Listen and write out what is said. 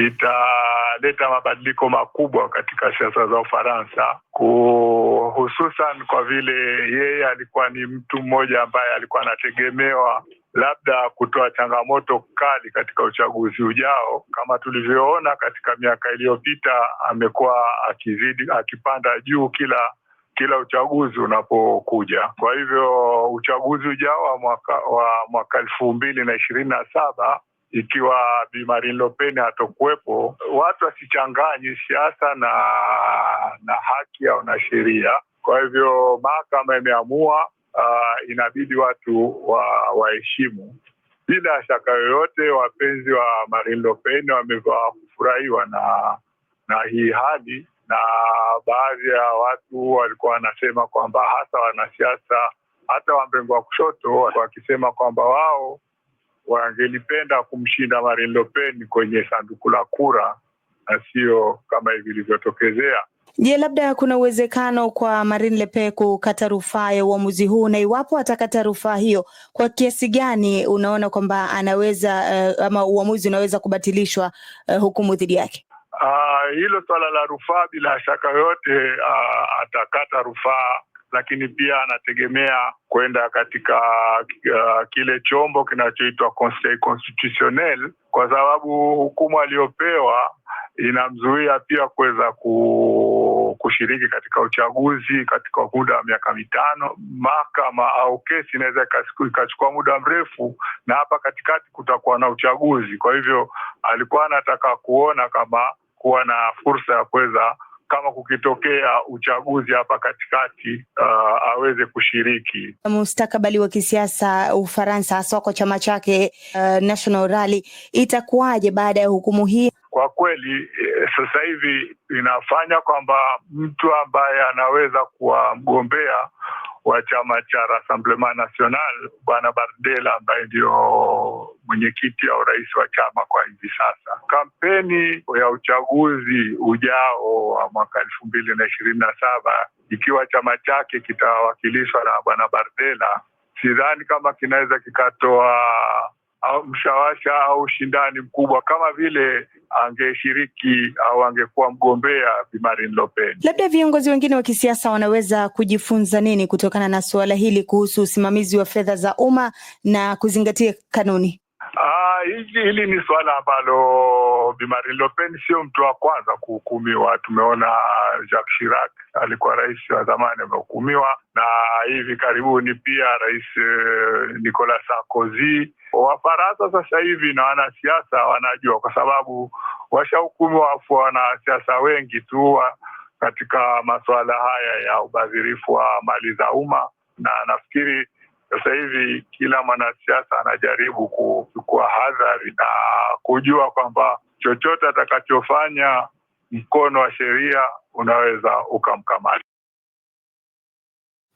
italeta mabadiliko makubwa katika siasa za Ufaransa, hususan kwa vile yeye alikuwa ni mtu mmoja ambaye alikuwa anategemewa labda kutoa changamoto kali katika uchaguzi ujao. Kama tulivyoona katika miaka iliyopita, amekuwa akizidi akipanda juu kila kila uchaguzi unapokuja. Kwa hivyo uchaguzi ujao wa mwaka wa mwaka elfu mbili na ishirini na saba ikiwa Bi Marine Le Pen hatokuwepo, watu wasichanganye siasa na na haki au na sheria. Kwa hivyo mahakama imeamua, uh, inabidi watu wa waheshimu. Bila shaka yoyote, wapenzi wa Marine Le Pen kufurahiwa na na hii hali, na baadhi ya watu walikuwa wanasema kwamba hasa wanasiasa hata wa mrengo wa kushoto wakisema kwamba wao wangelipenda kumshinda Marine Le Pen kwenye sanduku la kura na sio kama hivi ilivyotokezea. Je, labda kuna uwezekano kwa Marine Le Pen kukata rufaa ya uamuzi huu, na iwapo atakata rufaa hiyo, kwa kiasi gani unaona kwamba anaweza uh, ama uamuzi unaweza kubatilishwa uh, hukumu dhidi yake? Uh, hilo swala la rufaa bila shaka yote uh, ah, atakata rufaa lakini pia anategemea kwenda katika uh, kile chombo kinachoitwa Conseil Constitutionnel kwa sababu hukumu aliyopewa inamzuia pia kuweza kushiriki katika uchaguzi katika muda wa miaka mitano. Mahakama au kesi inaweza ikachukua muda mrefu, na hapa katikati kutakuwa na uchaguzi. Kwa hivyo alikuwa anataka kuona kama kuwa na fursa ya kuweza kama kukitokea uchaguzi hapa katikati uh, aweze kushiriki. Mustakabali wa kisiasa Ufaransa, haswa kwa chama chake uh, National Rally itakuwaje baada ya hukumu hii? Kwa kweli eh, sasa hivi inafanya kwamba mtu ambaye anaweza kuwa mgombea wa chama cha Rassemblement National Bwana Bardella ambaye ndio mwenyekiti au rais wa chama kwa hivi sasa. Kampeni ya uchaguzi ujao wa mwaka elfu mbili na ishirini na saba ikiwa chama chake kitawakilishwa na bwana Bardella, sidhani kama kinaweza kikatoa au mshawasha au ushindani mkubwa kama vile angeshiriki au angekuwa mgombea Bi Marine Le Pen. Labda viongozi wengine wa kisiasa wanaweza kujifunza nini kutokana na suala hili kuhusu usimamizi wa fedha za umma na kuzingatia kanuni? hili ni suala ambalo Bi Marine Le Pen sio mtu wa kwanza kuhukumiwa. Tumeona uh, Jacques Chirac alikuwa rais wa zamani amehukumiwa, na hivi karibuni pia rais uh, Nicolas Sarkozy. Wafaransa sasa hivi na wanasiasa wanajua, kwa sababu washahukumiwa, wafu wanasiasa wengi tu uh, katika masuala haya ya ubadhirifu wa mali za umma, na nafikiri sasa hivi kila mwanasiasa anajaribu kuchukua hadhari na kujua kwamba chochote atakachofanya mkono wa sheria unaweza ukamkamata.